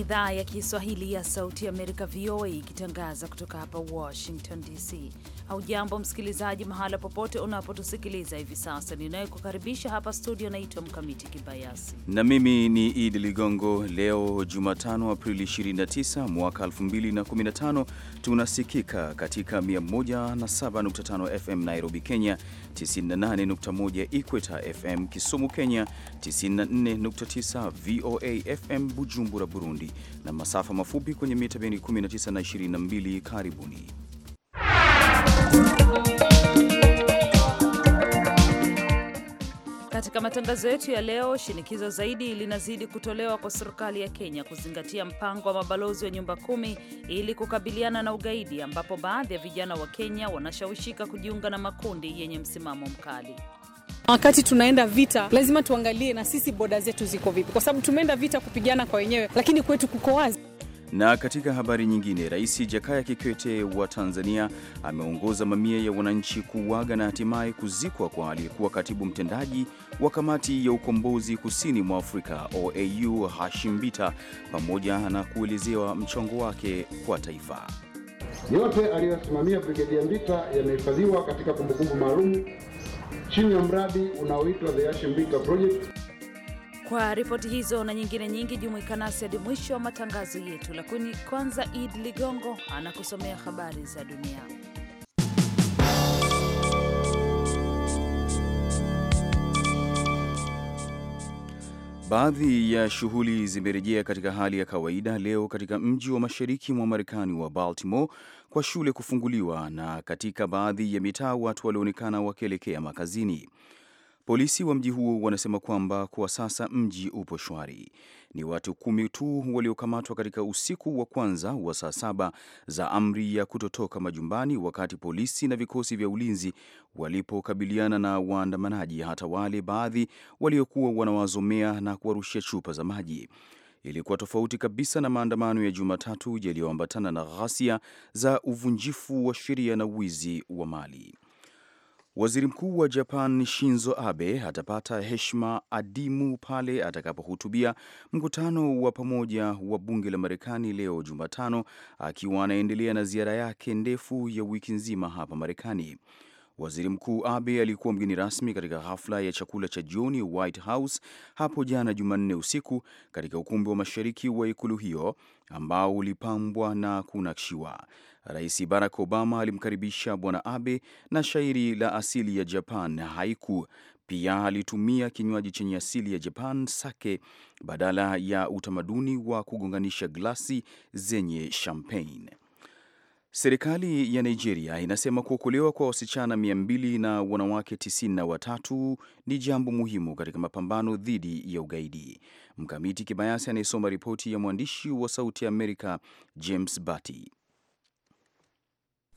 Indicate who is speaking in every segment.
Speaker 1: idhaa ya Kiswahili ya Sauti ya Amerika, VOA, ikitangaza kutoka hapa Washington DC. Haujambo msikilizaji, mahala popote unapotusikiliza hivi sasa. Ninayekukaribisha hapa studio naitwa Mkamiti Kibayasi
Speaker 2: na mimi ni Idi Ligongo. Leo Jumatano, Aprili 29 mwaka 2015, tunasikika katika 107.5 FM Nairobi, Kenya, 98.1 Ikweta FM Kisumu, Kenya, 94.9 VOA FM Bujumbura, Burundi, na masafa mafupi kwenye mita bendi 19 na 22. Karibuni.
Speaker 1: Katika matangazo yetu ya leo, shinikizo zaidi linazidi kutolewa kwa serikali ya Kenya kuzingatia mpango wa mabalozi wa nyumba kumi ili kukabiliana na ugaidi, ambapo baadhi ya vijana wa Kenya wanashawishika kujiunga na makundi yenye msimamo mkali. Wakati tunaenda vita, lazima tuangalie na sisi boda zetu ziko vipi, kwa sababu tumeenda vita kupigana kwa wenyewe, lakini kwetu kuko wazi.
Speaker 2: Na katika habari nyingine, Rais Jakaya Kikwete wa Tanzania ameongoza mamia ya wananchi kuuaga na hatimaye kuzikwa kwa aliyekuwa katibu mtendaji wa kamati ya ukombozi kusini mwa Afrika OAU Hashim Bita, pamoja na kuelezewa mchango wake kwa taifa.
Speaker 3: Yote aliyosimamia Brigedia Mbita yamehifadhiwa katika kumbukumbu maalum chini ya mradi unaoitwa The Hashim Bita Project.
Speaker 1: Kwa ripoti hizo na nyingine nyingi, jumuika nasi hadi mwisho wa matangazo yetu, lakini kwanza, Id Ligongo anakusomea habari za dunia.
Speaker 2: Baadhi ya shughuli zimerejea katika hali ya kawaida leo katika mji wa mashariki mwa Marekani wa Baltimore kwa shule kufunguliwa na katika baadhi ya mitaa watu walioonekana wakielekea makazini. Polisi wa mji huo wanasema kwamba kwa sasa mji upo shwari. Ni watu kumi tu waliokamatwa katika usiku wa kwanza wa saa saba za amri ya kutotoka majumbani, wakati polisi na vikosi vya ulinzi walipokabiliana na waandamanaji, hata wale baadhi waliokuwa wanawazomea na kuwarushia chupa za maji. Ilikuwa tofauti kabisa na maandamano ya Jumatatu yaliyoambatana na ghasia za uvunjifu wa sheria na wizi wa mali. Waziri Mkuu wa Japan Shinzo Abe atapata heshima adimu pale atakapohutubia mkutano wa pamoja wa bunge la Marekani leo Jumatano, akiwa anaendelea na ziara yake ndefu ya wiki nzima hapa Marekani. Waziri Mkuu Abe alikuwa mgeni rasmi katika hafla ya chakula cha jioni White House hapo jana Jumanne usiku katika ukumbi wa mashariki wa ikulu hiyo ambao ulipambwa na kunakshiwa. Rais Barack Obama alimkaribisha Bwana Abe na shairi la asili ya Japan, haiku. Pia alitumia kinywaji chenye asili ya Japan, sake, badala ya utamaduni wa kugonganisha glasi zenye champagne. Serikali ya Nigeria inasema kuokolewa kwa wasichana mia na wanawake 93 ni jambo muhimu katika mapambano dhidi ya ugaidi. Mkamiti Kibayasi anayesoma ripoti ya mwandishi wa Sauti Amerika James Bati.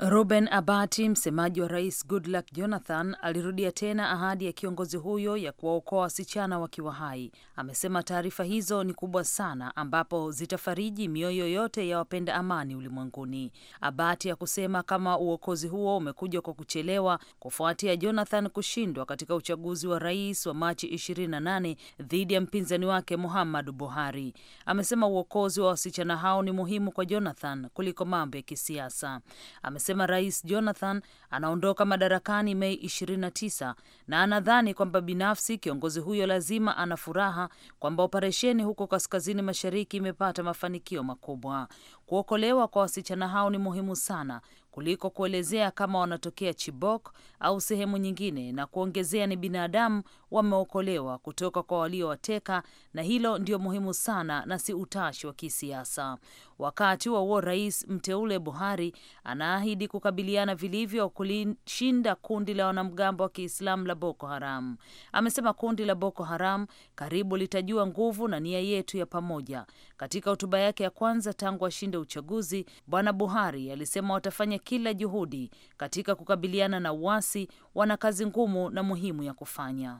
Speaker 1: Ruben Abati, msemaji wa rais Goodluck Jonathan, alirudia tena ahadi ya kiongozi huyo ya kuwaokoa wasichana wakiwa hai. Amesema taarifa hizo ni kubwa sana, ambapo zitafariji mioyo yote ya wapenda amani ulimwenguni. Abati ya kusema kama uokozi huo umekuja kwa kuchelewa kufuatia Jonathan kushindwa katika uchaguzi wa rais wa Machi 28 dhidi ya mpinzani wake Muhammadu Buhari. Amesema uokozi wa wasichana hao ni muhimu kwa Jonathan kuliko mambo ya kisiasa. Amesema amesema Rais Jonathan anaondoka madarakani Mei 29 na anadhani kwamba binafsi kiongozi huyo lazima ana furaha kwamba operesheni huko kaskazini mashariki imepata mafanikio makubwa. Kuokolewa kwa wasichana hao ni muhimu sana kuliko kuelezea kama wanatokea Chibok au sehemu nyingine, na kuongezea ni binadamu wameokolewa kutoka kwa waliowateka, na hilo ndio muhimu sana na si utashi wa kisiasa. Wakati wa huo, rais mteule Buhari anaahidi kukabiliana vilivyo kulishinda kundi la wanamgambo wa Kiislamu la Boko Haram. Amesema kundi la Boko Haram karibu litajua nguvu na nia yetu ya pamoja. Katika hotuba yake ya kwanza tangu ashinde uchaguzi, Bwana Buhari alisema watafanya kila juhudi katika kukabiliana na uasi, wana kazi ngumu na muhimu ya kufanya.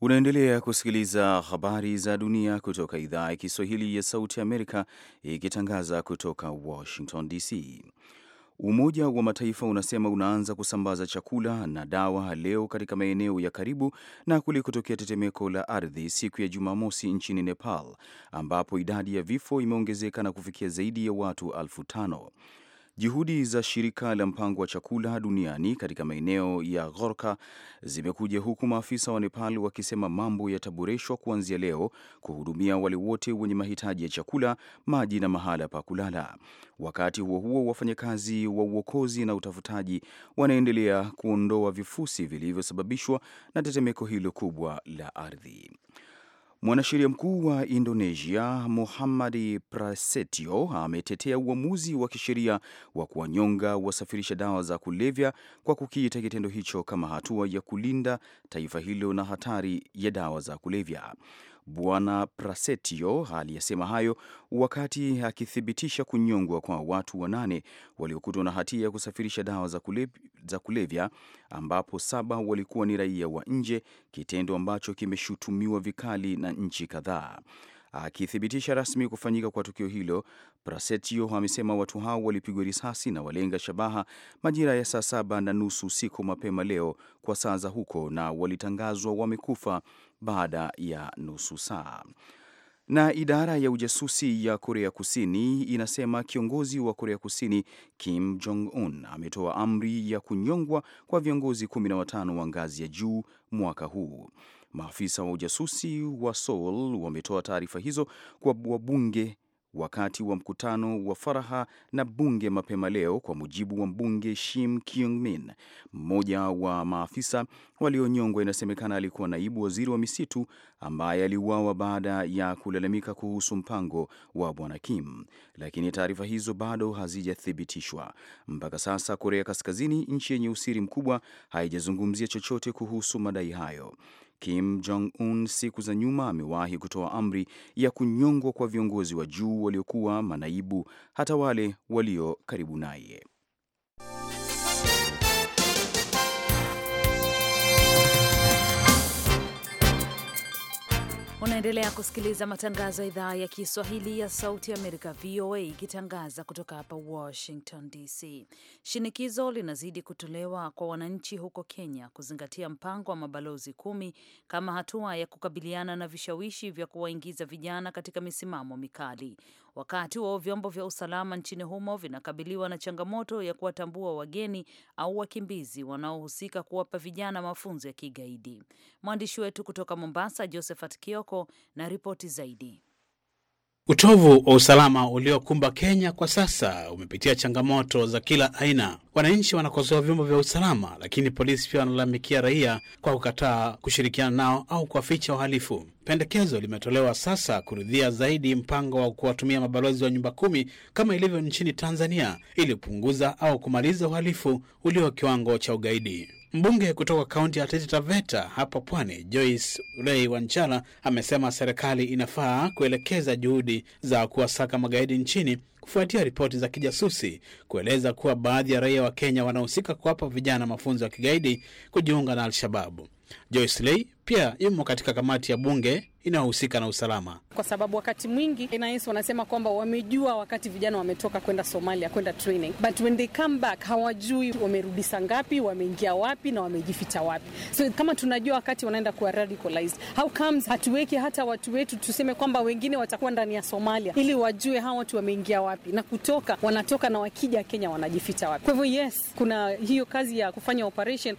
Speaker 2: Unaendelea kusikiliza habari za dunia kutoka idhaa ya Kiswahili ya Sauti Amerika ikitangaza kutoka Washington DC. Umoja wa Mataifa unasema unaanza kusambaza chakula na dawa leo katika maeneo ya karibu na kulikotokea tetemeko la ardhi siku ya Jumamosi nchini Nepal, ambapo idadi ya vifo imeongezeka na kufikia zaidi ya watu elfu tano. Juhudi za shirika la mpango wa chakula duniani katika maeneo ya Ghorka zimekuja huku maafisa wa Nepal wakisema mambo yataboreshwa kuanzia leo kuhudumia wale wote wenye mahitaji ya chakula, maji na mahala pa kulala. Wakati huo huo, wafanyakazi wa uokozi na utafutaji wanaendelea kuondoa vifusi vilivyosababishwa na tetemeko hilo kubwa la ardhi. Mwanasheria mkuu wa Indonesia Muhammad Prasetyo ametetea uamuzi wa kisheria wa kuwanyonga wasafirisha dawa za kulevya kwa kukiita kitendo hicho kama hatua ya kulinda taifa hilo na hatari ya dawa za kulevya. Bwana prasetio aliyesema hayo wakati akithibitisha kunyongwa kwa watu wanane waliokutwa na hatia ya kusafirisha dawa za, kule, za kulevya ambapo saba walikuwa ni raia wa nje, kitendo ambacho kimeshutumiwa vikali na nchi kadhaa. Akithibitisha rasmi kufanyika kwa tukio hilo, prasetio amesema watu hao walipigwa risasi na walenga shabaha majira ya saa saba na nusu usiku mapema leo kwa saa za huko, na walitangazwa wamekufa baada ya nusu saa. Na idara ya ujasusi ya Korea Kusini inasema kiongozi wa Korea Kusini Kim Jong Un ametoa amri ya kunyongwa kwa viongozi 15 wa ngazi ya juu mwaka huu. Maafisa wa ujasusi wa Seoul wametoa taarifa hizo kwa wabunge wakati wa mkutano wa faraha na bunge mapema leo, kwa mujibu wa mbunge Shim Kyung Min. Mmoja wa maafisa walionyongwa inasemekana alikuwa naibu waziri wa misitu ambaye aliuawa baada ya kulalamika kuhusu mpango wa bwana Kim, lakini taarifa hizo bado hazijathibitishwa mpaka sasa. Korea Kaskazini, nchi yenye usiri mkubwa, haijazungumzia chochote kuhusu madai hayo. Kim Jong Un siku za nyuma amewahi kutoa amri ya kunyongwa kwa viongozi wa juu waliokuwa manaibu, hata wale walio karibu naye.
Speaker 1: Unaendelea kusikiliza matangazo ya idhaa ya Kiswahili ya Sauti ya Amerika, VOA, ikitangaza kutoka hapa Washington DC. Shinikizo linazidi kutolewa kwa wananchi huko Kenya kuzingatia mpango wa mabalozi kumi kama hatua ya kukabiliana na vishawishi vya kuwaingiza vijana katika misimamo mikali wakati wa vyombo vya usalama nchini humo vinakabiliwa na changamoto ya kuwatambua wageni au wakimbizi wanaohusika kuwapa vijana mafunzo ya kigaidi. Mwandishi wetu kutoka Mombasa, Josephat Kioko, na ripoti zaidi.
Speaker 4: Utovu wa usalama uliokumba Kenya kwa sasa umepitia changamoto za kila aina. Wananchi wanakosoa vyombo vya usalama, lakini polisi pia wanalalamikia raia kwa kukataa kushirikiana nao au kuwaficha uhalifu Pendekezo limetolewa sasa kuridhia zaidi mpango wa kuwatumia mabalozi wa nyumba kumi kama ilivyo nchini Tanzania ili kupunguza au kumaliza uhalifu ulio kiwango cha ugaidi. Mbunge kutoka kaunti ya Taita Taveta hapa pwani, Joyce Rei wanchala amesema serikali inafaa kuelekeza juhudi za kuwasaka magaidi nchini kufuatia ripoti za kijasusi kueleza kuwa baadhi ya raia wa Kenya wanahusika kuwapa vijana mafunzo ya kigaidi kujiunga na Al-Shababu. Joyce Lei pia imo katika kamati ya bunge inayohusika na usalama,
Speaker 1: kwa sababu wakati mwingi NIS wanasema kwamba wamejua wakati vijana wametoka kwenda Somalia kwenda training, but when they come back hawajui wamerudi saa ngapi, wameingia wapi na wamejificha wapi. So kama tunajua wakati wanaenda kuwa radicalized, how comes hatuweki hata watu wetu, tuseme kwamba wengine watakuwa ndani ya Somalia ili wajue hawa watu wameingia wapi na kutoka, wanatoka na wakija Kenya wanajificha wapi. Kwa hivyo yes, kuna hiyo kazi ya kufanya operation,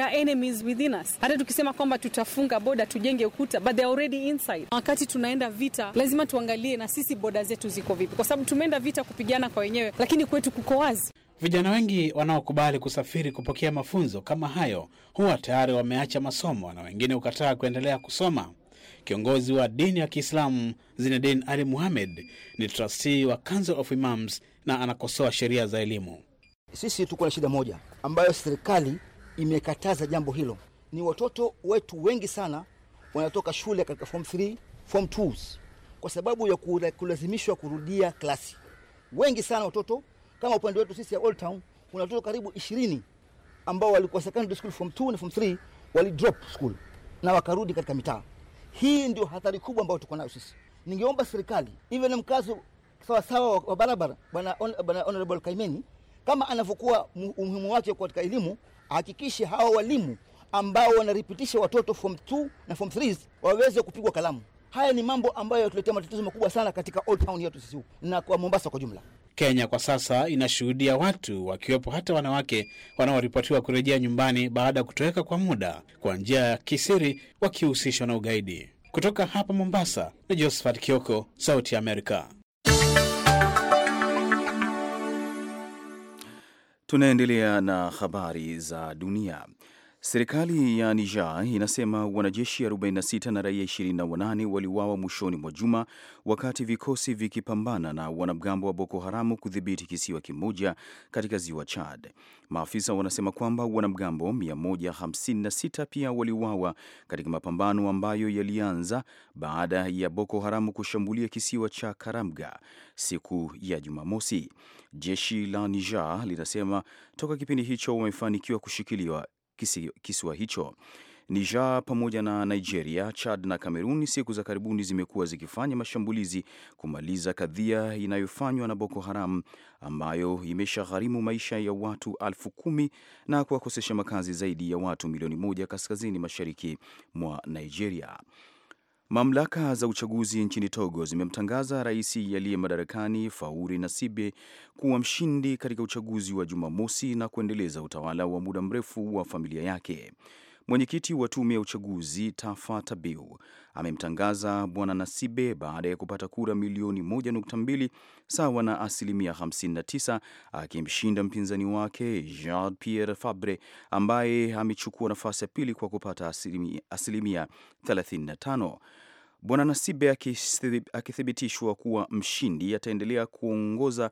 Speaker 1: are enemies within us. Hata tukisema kwamba tuta tutafunga boda, tujenge ukuta, but they already inside. Wakati tunaenda vita, lazima tuangalie na sisi boda zetu ziko vipi, kwa sababu tumeenda vita
Speaker 4: kupigana kwa wenyewe, lakini kwetu kuko wazi. Vijana wengi wanaokubali kusafiri kupokea mafunzo kama hayo huwa tayari wameacha masomo na wengine hukataa kuendelea kusoma. Kiongozi wa dini ya Kiislamu zinedin Ali Muhamed ni trustee wa Council of Imams na anakosoa sheria za elimu.
Speaker 2: Sisi tuko na shida moja ambayo serikali imekataza jambo hilo ni watoto wetu wengi sana wanatoka shule katika form 3, form 2 kwa sababu ya kulazimishwa kurudia klasi. Wengi sana watoto kama upande wetu sisi ya Old Town kuna watoto karibu 20 ambao walikuwa secondary school form 2 na form 3 wali drop school na wakarudi katika mitaa. Hii ndio hatari kubwa ambayo tuko nayo sisi. Ningeomba serikali iwe na mkazo sawa sawa wa barabara. Bwana bwana Honorable Kaimeni kama anavyokuwa umuhimu wake kwa katika elimu, ahakikishe hawa walimu ambao wanaripitisha watoto form 2 na form 3 waweze kupigwa kalamu. Haya ni mambo ambayo yatuletea matatizo makubwa sana katika Old Town yetu sisi na kwa Mombasa kwa jumla.
Speaker 4: Kenya kwa sasa inashuhudia watu wakiwepo hata wanawake wanaoripotiwa kurejea nyumbani baada ya kutoweka kwa muda kwa njia ya kisiri wakihusishwa na ugaidi. Kutoka
Speaker 2: hapa Mombasa ni Josephat Kioko, Sauti ya Amerika. Tunaendelea na habari za dunia. Serikali ya Niger inasema wanajeshi 46 na raia 28 waliuawa mwishoni mwa juma wakati vikosi vikipambana na wanamgambo wa Boko Haramu kudhibiti kisiwa kimoja katika ziwa Chad. Maafisa wanasema kwamba wanamgambo 156 pia waliuawa katika mapambano ambayo yalianza baada ya Boko Haramu kushambulia kisiwa cha Karamga siku ya Jumamosi. Jeshi la Niger linasema toka kipindi hicho wamefanikiwa kushikiliwa kisiwa hicho. Niger pamoja na Nigeria, Chad na Kameruni siku za karibuni zimekuwa zikifanya mashambulizi kumaliza kadhia inayofanywa na Boko Haram ambayo imeshagharimu maisha ya watu elfu kumi na kuwakosesha makazi zaidi ya watu milioni moja kaskazini mashariki mwa Nigeria. Mamlaka za uchaguzi nchini Togo zimemtangaza rais aliye madarakani Fauri Nasibe kuwa mshindi katika uchaguzi wa Jumamosi na kuendeleza utawala wa muda mrefu wa familia yake. Mwenyekiti wa tume ya uchaguzi Tafa Tabiu amemtangaza bwana Nasibe baada ya kupata kura milioni 1.2 sawa na asilimia 59, akimshinda mpinzani wake Jean Pierre Fabre ambaye amechukua nafasi ya pili kwa kupata asilimia, 35. Bwana Nasibe akithibitishwa kuwa mshindi ataendelea kuongoza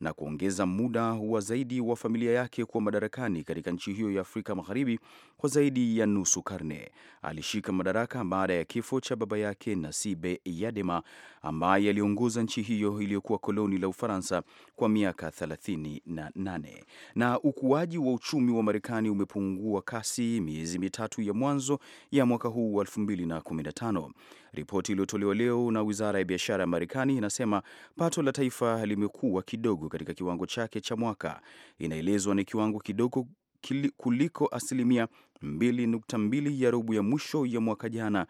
Speaker 2: na kuongeza muda wa zaidi wa familia yake kuwa madarakani katika nchi hiyo ya Afrika Magharibi kwa zaidi ya nusu karne. Alishika madaraka baada ya kifo cha baba yake Nasibe Yadema ambaye aliongoza nchi hiyo iliyokuwa koloni la Ufaransa kwa miaka 38. Na ukuaji wa uchumi wa Marekani umepungua kasi miezi mitatu ya mwanzo ya mwaka huu wa 2015 Ripoti iliyotolewa leo na wizara ya biashara ya Marekani inasema pato la taifa limekuwa kidogo katika kiwango chake cha mwaka, inaelezwa ni kiwango kidogo kuliko asilimia 2.2 ya robo ya mwisho ya mwaka jana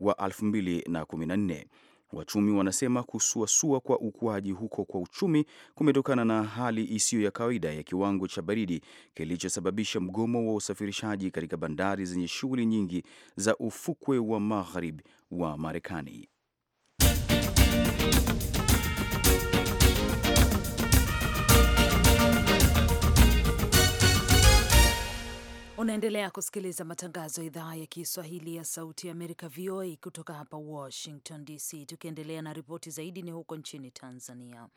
Speaker 2: wa 2014. Wachumi wanasema kusuasua kwa ukuaji huko kwa uchumi kumetokana na hali isiyo ya kawaida ya kiwango cha baridi kilichosababisha mgomo wa usafirishaji katika bandari zenye shughuli nyingi za ufukwe wa magharibi wa Marekani.
Speaker 1: Unaendelea kusikiliza matangazo ya idhaa ya Kiswahili ya Sauti ya Amerika, VOA, kutoka hapa Washington DC. Tukiendelea na ripoti zaidi, ni huko nchini Tanzania.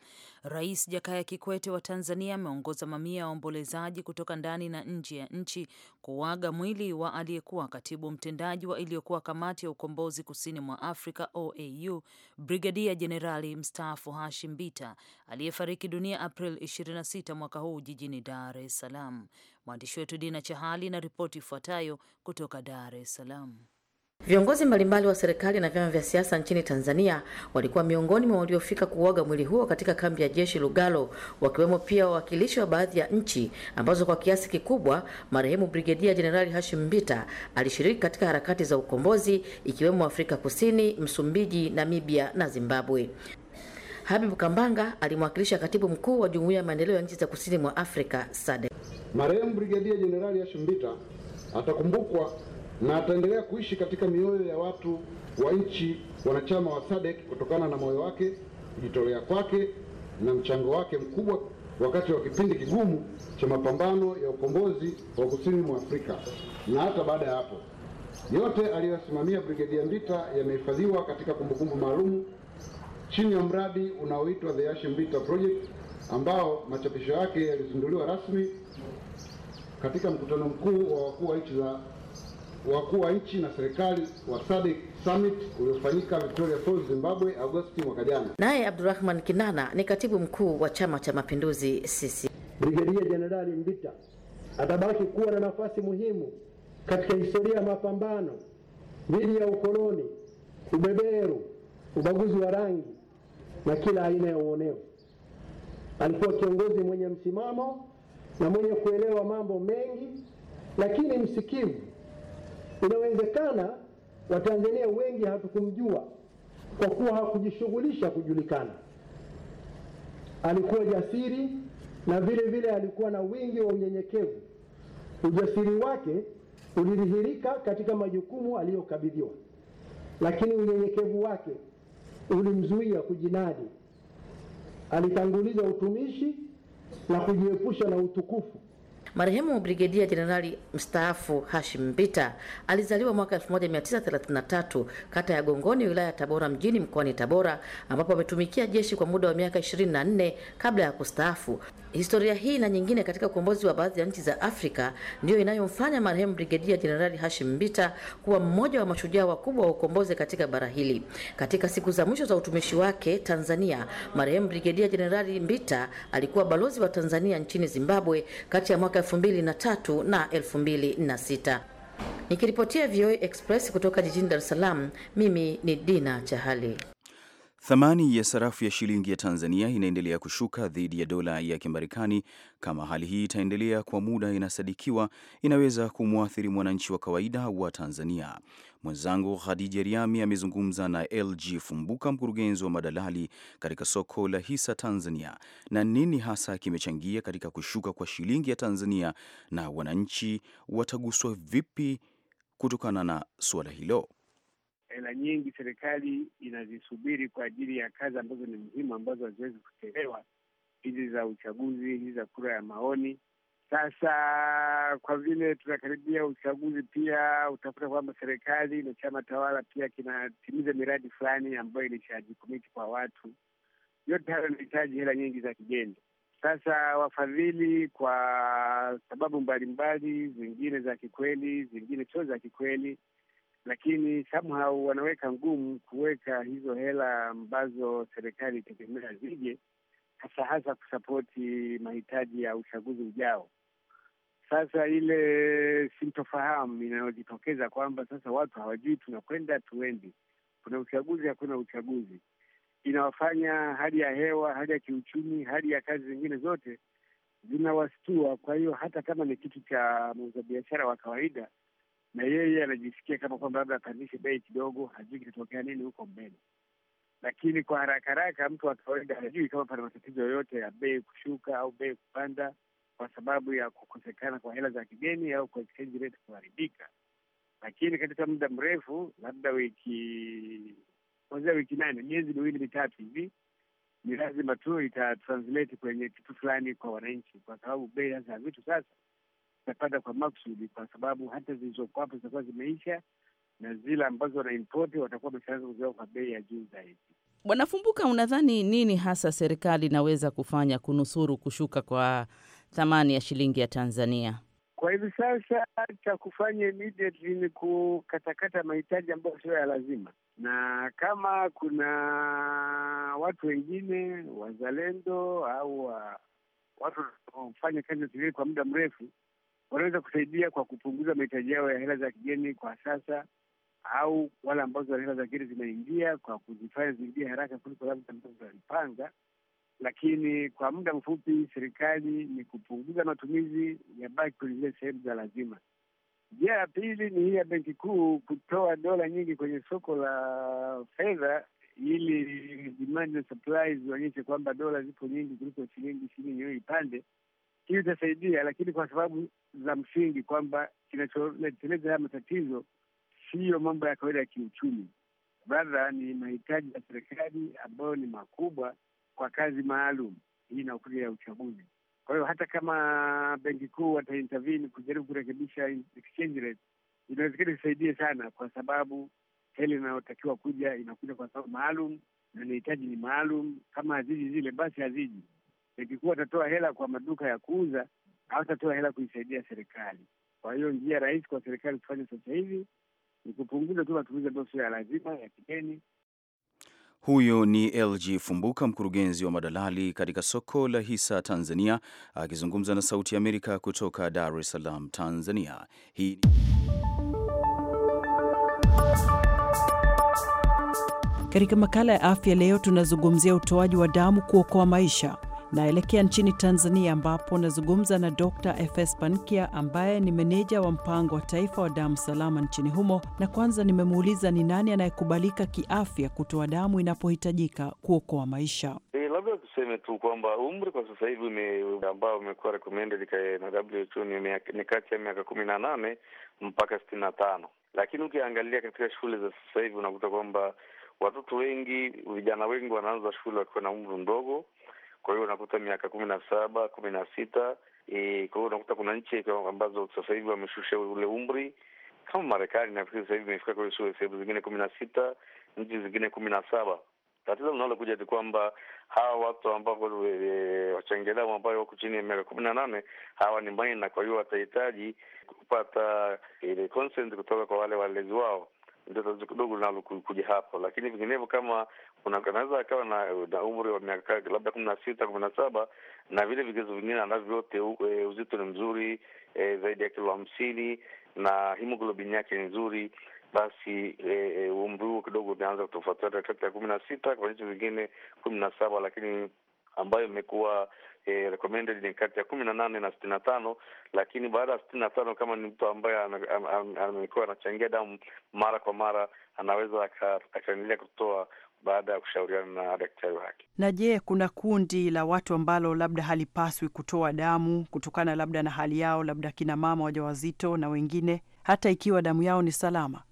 Speaker 1: Rais Jakaya Kikwete wa Tanzania ameongoza mamia ya waombolezaji kutoka ndani na nje ya nchi kuuaga mwili wa aliyekuwa katibu mtendaji wa iliyokuwa kamati ya ukombozi kusini mwa Afrika OAU, Brigadia Jenerali mstaafu Hashim Bita aliyefariki dunia April 26 mwaka huu jijini Dar es Salaam. Mwandishi wetu Dina Chahali na ripoti ifuatayo kutoka Dar es Salaam.
Speaker 5: Viongozi mbalimbali wa serikali na vyama vya siasa nchini Tanzania walikuwa miongoni mwa waliofika kuuaga mwili huo katika kambi ya jeshi Lugalo, wakiwemo pia wawakilishi wa baadhi ya nchi ambazo kwa kiasi kikubwa marehemu Brigedia Jenerali Hashim Mbita alishiriki katika harakati za ukombozi, ikiwemo Afrika Kusini, Msumbiji, Namibia na Zimbabwe. Habib Kambanga alimwakilisha katibu mkuu wa Jumuiya ya Maendeleo ya Nchi za Kusini mwa Afrika SADC.
Speaker 3: Marehemu Brigedia Jenerali Hashim Mbita atakumbukwa na ataendelea kuishi katika mioyo ya watu wa nchi wanachama wa SADC kutokana na moyo wake, kujitolea kwake na mchango wake mkubwa wakati wa kipindi kigumu cha mapambano ya ukombozi wa kusini mwa Afrika na hata baada ya hapo. Yote aliyosimamia Brigedia Mbita yamehifadhiwa katika kumbukumbu maalum chini ya mradi unaoitwa The Hashim Mbita Project ambao machapisho yake yalizinduliwa rasmi katika mkutano mkuu wa wakuu wa nchi za wakuu wa nchi na serikali wa SADC Summit uliofanyika Victoria Falls, Zimbabwe Agosti mwaka jana.
Speaker 5: Naye Abdurrahman Kinana ni katibu mkuu wa Chama cha Mapinduzi sisi.
Speaker 3: Brigedia Jenerali Mbita atabaki kuwa na nafasi muhimu katika historia ya mapambano dhidi ya ukoloni, ubeberu, ubaguzi wa rangi na kila aina ya uonevu. Alikuwa kiongozi mwenye msimamo na mwenye kuelewa mambo mengi, lakini msikivu Inawezekana Watanzania wengi hatukumjua kwa kuwa hakujishughulisha kujulikana. Alikuwa jasiri na vile vile alikuwa na wingi wa unyenyekevu. Ujasiri wake ulidhihirika katika majukumu aliyokabidhiwa, lakini unyenyekevu wake ulimzuia kujinadi. Alitanguliza utumishi na kujiepusha na utukufu
Speaker 5: Marehemu Brigedia Jenerali mstaafu Hashim Mbita alizaliwa mwaka 1933 kata ya Gongoni, wilaya ya Tabora mjini, mkoani Tabora, ambapo ametumikia jeshi kwa muda wa miaka 24 kabla ya kustaafu. Historia hii na nyingine katika ukombozi wa baadhi ya nchi za Afrika ndiyo inayomfanya marehemu Brigedia Jenerali Hashim Mbita kuwa mmoja wa mashujaa wakubwa wa ukombozi katika bara hili. Katika siku za mwisho za utumishi wake Tanzania, marehemu Brigedia Jenerali Mbita alikuwa balozi wa Tanzania nchini Zimbabwe kati ya mwaka 2003 na 2006. Nikiripotia VOA Express kutoka jijini Dar es Salaam, mimi ni Dina Chahali.
Speaker 2: Thamani ya sarafu ya shilingi ya Tanzania inaendelea kushuka dhidi ya dola ya Kimarekani. Kama hali hii itaendelea kwa muda, inasadikiwa inaweza kumwathiri mwananchi wa kawaida wa Tanzania. Mwenzangu Khadija Riami amezungumza na LG Fumbuka, mkurugenzi wa madalali katika soko la hisa Tanzania, na nini hasa kimechangia katika kushuka kwa shilingi ya Tanzania na wananchi wataguswa vipi kutokana na suala hilo
Speaker 6: hela nyingi serikali inazisubiri kwa ajili ya kazi ambazo ni muhimu, ambazo haziwezi kuchelewa, hizi za uchaguzi, hizi za kura ya maoni. Sasa kwa vile tunakaribia uchaguzi, pia utakuta kwamba serikali na chama tawala pia kinatimiza miradi fulani ambayo ilishajikomiti kwa watu. Yote hayo inahitaji hela nyingi za kigeni. Sasa wafadhili kwa sababu mbalimbali, zingine za kikweli, zingine sio za kikweli lakini somehow wanaweka ngumu kuweka hizo hela ambazo serikali itegemea zije hasa hasa kusapoti mahitaji ya uchaguzi ujao. Sasa ile sintofahamu inayojitokeza kwamba sasa watu hawajui tunakwenda tuendi, kuna uchaguzi hakuna uchaguzi, inawafanya hali ya hewa, hali ya kiuchumi, hali ya kazi zingine zote zinawastua. Kwa hiyo hata kama ni kitu cha biashara wa kawaida na yeye anajisikia kama kwamba labda apandishe bei kidogo, hajui kitatokea nini huko mbele. Lakini kwa haraka haraka, mtu wa kawaida hajui kama pana matatizo yoyote ya bei kushuka au bei kupanda kwa sababu ya kukosekana kwa hela za kigeni au kwa exchange rate kuharibika. Lakini katika muda mrefu, labda wiki kwanzia wiki nane, miezi miwili mitatu hivi, ni lazima tu itatranslate kwenye kitu fulani kwa wananchi, kwa sababu bei hasa ya vitu sasa zinapanda kwa maksudi, kwa sababu hata zilizokuwa hapo zitakuwa zimeisha na zile ambazo wanaimpoti watakuwa wameshaanza kuziwa kwa bei ya juu zaidi.
Speaker 5: Bwana Fumbuka, unadhani nini hasa serikali inaweza kufanya kunusuru kushuka kwa thamani ya shilingi ya Tanzania?
Speaker 6: Kwa hivi sasa cha kufanya immediately ni kukatakata mahitaji ambayo sio ya lazima, na kama kuna watu wengine wazalendo au watu wanaofanya kazi ya serikali kwa muda mrefu wanaweza kusaidia kwa kupunguza mahitaji yao ya hela za kigeni kwa sasa, au wale ambazo hela za kigeni zimeingia kwa kuzifanya ziingie haraka kuliko labda ambazo walipanga. Lakini kwa muda mfupi, serikali ni kupunguza matumizi ya baki kwenye zile sehemu za lazima. Njia ya pili ni hii ya benki kuu kutoa dola nyingi kwenye soko la fedha ili demand na supply zionyeshe kwamba dola zipo nyingi kuliko shilingi, shilingi yenyewe ipande. Hiyo itasaidia, lakini kwa sababu za msingi kwamba kinacholeteleza haya matatizo siyo mambo ya kawaida ya kiuchumi, badha ni mahitaji ya serikali ambayo ni makubwa kwa kazi maalum hii inaokuja ya uchaguzi. Kwa hiyo hata kama benki kuu wataintervene kujaribu kurekebisha exchange rate, inawezekana isaidie sana, kwa sababu hela inayotakiwa kuja inakuja kwa sababu maalum na inahitaji ni maalum. Kama haziji zile, basi haziji. Benki kuu watatoa hela kwa maduka ya kuuza hawatatoa hela kuisaidia serikali. Kwa hiyo njia rahisi kwa serikali kufanya sasa hivi ni kupunguza tu matumizi ambayo sio ya lazima ya kigeni.
Speaker 2: Huyo ni LG Fumbuka, mkurugenzi wa madalali katika soko la hisa Tanzania, akizungumza na Sauti ya Amerika kutoka Dar es Salaam, Tanzania. Hii
Speaker 7: katika makala ya afya leo tunazungumzia utoaji wa damu kuokoa maisha. Naelekea nchini Tanzania ambapo nazungumza na Dr. Efes Pankia ambaye ni meneja wa mpango wa taifa wa damu salama nchini humo, na kwanza nimemuuliza ni nani anayekubalika kiafya kutoa damu inapohitajika kuokoa maisha.
Speaker 8: Hey, eh, labda tuseme tu kwamba umri kwa sasa hivi ambao umekuwa recommended na WHO ni kati ya miaka kumi na nane mpaka sitini na tano, lakini ukiangalia katika shule za sasa hivi unakuta kwamba watoto wengi, vijana wengi wanaanza shule wakiwa na umri mdogo kwa hiyo unakuta miaka kumi na saba kumi na sita e, kwa hiyo unakuta kuna nchi ambazo sasa hivi wameshusha ule umri kama Marekani nafikiri sasa hivi imefika kwenye sehemu zingine kumi na sita nchi zingine kumi na saba Tatizo linalokuja ni kwamba hawa watu ambao eh, wachengelamu ambayo wako chini ya miaka kumi na nane hawa ni maina, kwa hiyo watahitaji kupata ile eh, consent kutoka kwa wale walezi wao ndio tatizo kidogo linalo kuja hapo, lakini vinginevyo kama anaweza akawa na, na umri wa miaka labda kumi na sita kumi na saba na vile vigezo vingine anavyo vyote, e, uzito ni mzuri e, zaidi ya kilo hamsini na hemoglobin yake ni nzuri, basi e, e umri huo kidogo umeanza kutofautiana kati ya kumi na sita kwa nchi vingine kumi na saba lakini ambayo imekuwa eh, recommended ni kati ya kumi na nane na sitini na tano lakini baada ya sitini na tano kama ni mtu ambaye amekuwa anachangia damu mara kwa mara anaweza akaendelea kutoa baada ya kushauriana na daktari wake.
Speaker 7: Na je, kuna kundi la watu ambalo labda halipaswi kutoa damu kutokana labda na hali yao, labda kina mama wajawazito na wengine, hata ikiwa damu yao ni salama?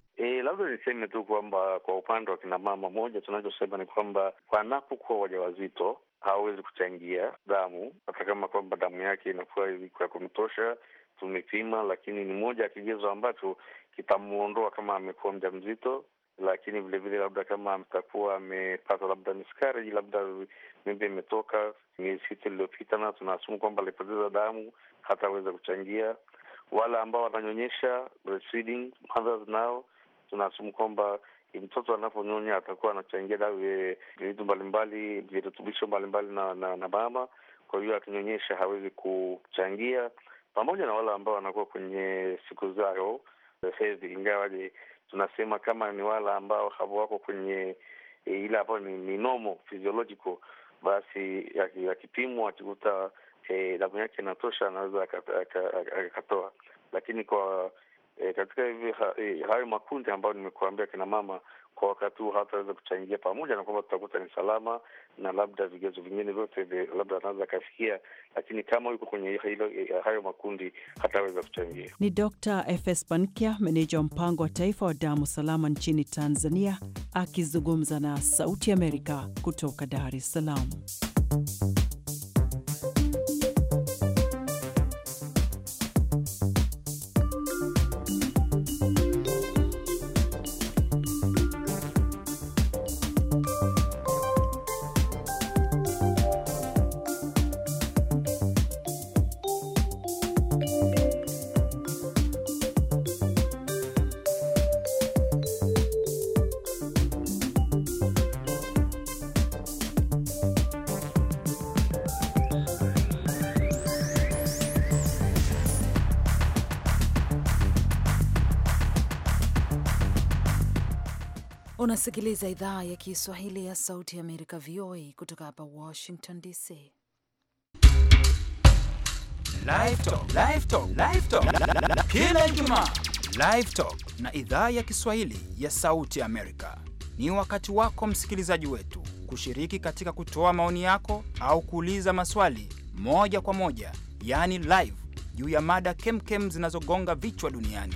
Speaker 8: Labda niseme tu kwamba kwa upande wa kinamama, moja tunachosema ni kwamba wanapokuwa wajawazito hawawezi kuchangia damu, hata kama kwamba damu yake inakuwa ya kumtosha, tumepima, lakini ni moja ya kigezo ambacho kitamwondoa kama amekuwa mja mzito lakini vilevile labda kama atakuwa amepata labda miskari labda mimba imetoka miezi sita iliyopita, na tunaasumu kwamba alipoteza damu, hataweza kuchangia. Wala ambao wananyonyesha breastfeeding mothers, nao tunaasumu kwamba mtoto anaponyonya atakuwa anachangia dawa eh, vitu mbalimbali virutubisho mbalimbali na, na, na mama. Kwa hiyo akinyonyesha hawezi kuchangia, pamoja na wale ambao wanakuwa kwenye siku zao eh, hedhi, ingawaje tunasema kama ni wale ambao hawako kwenye eh, ile ambayo ni, ni normal physiological, basi akipimwa akikuta damu yake inatosha anaweza akatoa, lakini kwa E, katika hivi ha, e, hayo makundi ambayo nimekuambia kina mama kwa wakati huu hataweza kuchangia, pamoja na kwamba tutakuta ni salama na labda vigezo vingine vyote labda anaweza akafikia, lakini kama yuko kwenye hilo, eh, hayo makundi hataweza kuchangia.
Speaker 7: Ni Dr. FS Bankia, meneja wa mpango wa taifa wa damu salama nchini Tanzania, akizungumza na Sauti Amerika kutoka Dar es Salaam.
Speaker 1: Unasikiliza idhaa ya Kiswahili ya Sauti ya Amerika, VOA, kutoka hapa Washington DC.
Speaker 9: Kila Ijumaa Live Talk na idhaa ya Kiswahili ya Sauti Amerika ni wakati wako msikilizaji wetu kushiriki katika kutoa maoni yako au kuuliza maswali moja kwa moja, yaani live, juu ya mada kemkem zinazogonga vichwa duniani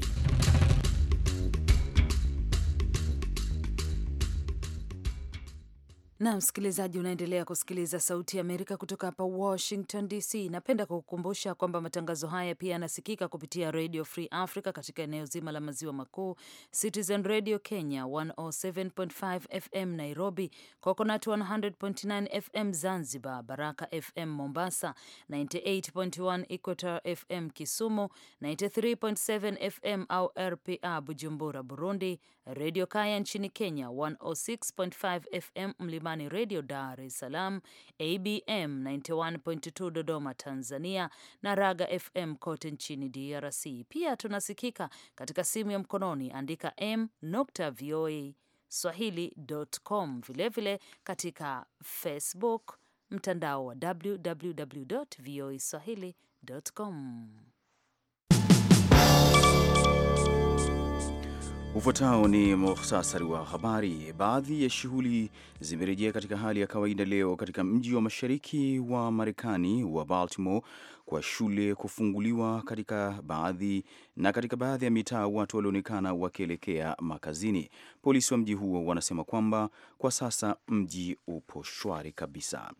Speaker 1: Na msikilizaji, unaendelea kusikiliza Sauti ya Amerika kutoka hapa Washington DC. Napenda kukukumbusha kwamba matangazo haya pia yanasikika kupitia Radio Free Africa katika eneo zima la maziwa makuu, Citizen Radio Kenya 107.5 FM Nairobi, Coconut 100.9 FM Zanzibar, Baraka FM Mombasa, 98.1 Equator FM Kisumu, 93.7 FM au RPA Bujumbura, Burundi, Radio Kaya nchini Kenya 106.5 FM Mlima Amani Redio Dar es Salaam, ABM 91.2 Dodoma Tanzania, na Raga FM kote nchini DRC. Pia tunasikika katika simu ya mkononi, andika m voa vilevile katika Facebook mtandao wa www voa
Speaker 2: Ufuatao ni muhtasari wa habari. Baadhi ya shughuli zimerejea katika hali ya kawaida leo katika mji wa mashariki wa Marekani wa Baltimore, kwa shule kufunguliwa katika baadhi na katika baadhi ya mitaa watu walionekana wakielekea makazini. Polisi wa mji huo wanasema kwamba kwa sasa mji upo shwari kabisa.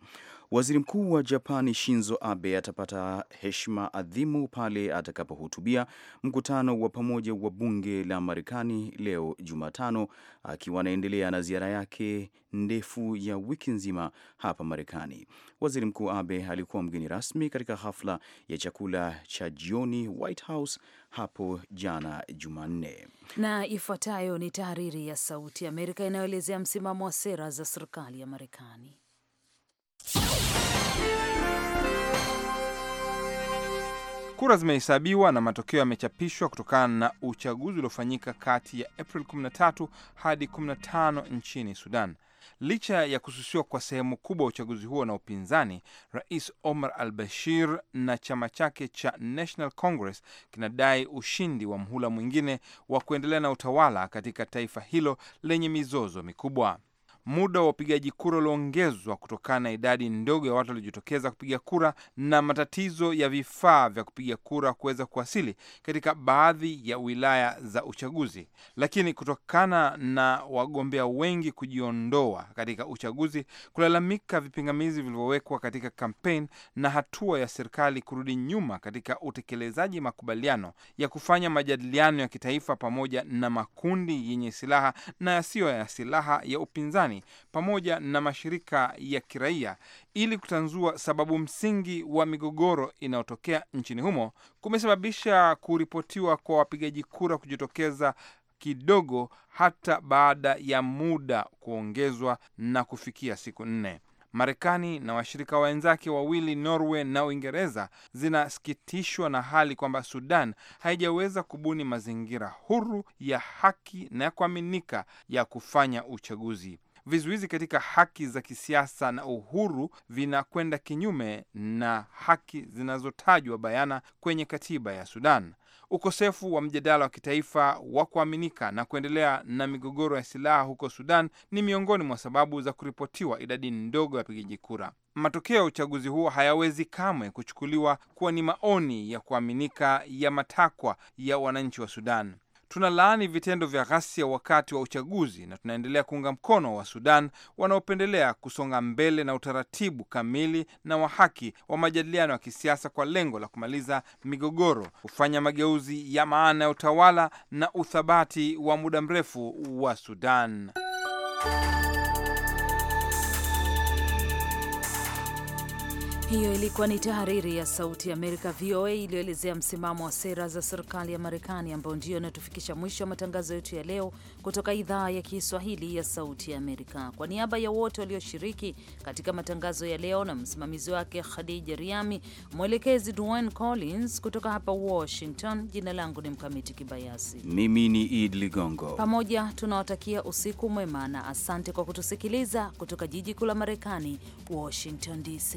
Speaker 2: Waziri Mkuu wa Japani Shinzo Abe atapata heshima adhimu pale atakapohutubia mkutano wa pamoja wa bunge la Marekani leo Jumatano, akiwa anaendelea na ziara yake ndefu ya wiki nzima hapa Marekani. Waziri Mkuu Abe alikuwa mgeni rasmi katika hafla ya chakula cha jioni White House hapo jana Jumanne.
Speaker 1: Na ifuatayo ni tahariri ya Sauti ya Amerika inayoelezea msimamo wa sera za serikali ya Marekani.
Speaker 9: Kura zimehesabiwa na matokeo yamechapishwa kutokana na uchaguzi uliofanyika kati ya April 13 hadi 15 nchini Sudan. Licha ya kususiwa kwa sehemu kubwa uchaguzi huo na upinzani, Rais Omar al Bashir na chama chake cha National Congress kinadai ushindi wa mhula mwingine wa kuendelea na utawala katika taifa hilo lenye mizozo mikubwa muda wa upigaji kura uliongezwa kutokana na idadi ndogo ya watu waliojitokeza kupiga kura na matatizo ya vifaa vya kupiga kura kuweza kuwasili katika baadhi ya wilaya za uchaguzi. Lakini kutokana na wagombea wengi kujiondoa katika uchaguzi, kulalamika vipingamizi vilivyowekwa katika kampeni na hatua ya serikali kurudi nyuma katika utekelezaji makubaliano ya kufanya majadiliano ya kitaifa pamoja na makundi yenye silaha na yasiyo ya silaha ya upinzani Marekani pamoja na mashirika ya kiraia ili kutanzua sababu msingi wa migogoro inayotokea nchini humo kumesababisha kuripotiwa kwa wapigaji kura kujitokeza kidogo hata baada ya muda kuongezwa na kufikia siku nne. Marekani na washirika wenzake wawili Norway na Uingereza zinasikitishwa na hali kwamba Sudan haijaweza kubuni mazingira huru ya haki na ya kuaminika ya kufanya uchaguzi vizuizi katika haki za kisiasa na uhuru vinakwenda kinyume na haki zinazotajwa bayana kwenye katiba ya Sudan. Ukosefu wa mjadala wa kitaifa wa kuaminika na kuendelea na migogoro ya silaha huko Sudan ni miongoni mwa sababu za kuripotiwa idadi ndogo ya wapigaji kura. Matokeo ya uchaguzi huo hayawezi kamwe kuchukuliwa kuwa ni maoni ya kuaminika ya matakwa ya wananchi wa Sudan tunalaani vitendo vya ghasia wakati wa uchaguzi na tunaendelea kuunga mkono wa Sudan wanaopendelea kusonga mbele na utaratibu kamili na wa haki wa majadiliano ya kisiasa kwa lengo la kumaliza migogoro, kufanya mageuzi ya maana ya utawala na uthabati wa muda mrefu wa Sudan.
Speaker 1: Hiyo ilikuwa ni tahariri ya Sauti ya Amerika, VOA, iliyoelezea msimamo wa sera za serikali ya Marekani, ambao ndio inatufikisha mwisho wa matangazo yetu ya leo kutoka idhaa ya Kiswahili ya Sauti ya Amerika. Kwa niaba ya wote walioshiriki katika matangazo ya leo na msimamizi wake Khadija Riami, mwelekezi Dwayne Collins, kutoka hapa Washington, jina langu ni Mkamiti Kibayasi,
Speaker 2: mimi ni Id Ligongo.
Speaker 1: Pamoja tunawatakia usiku mwema na asante kwa kutusikiliza kutoka jiji kuu la Marekani, Washington DC.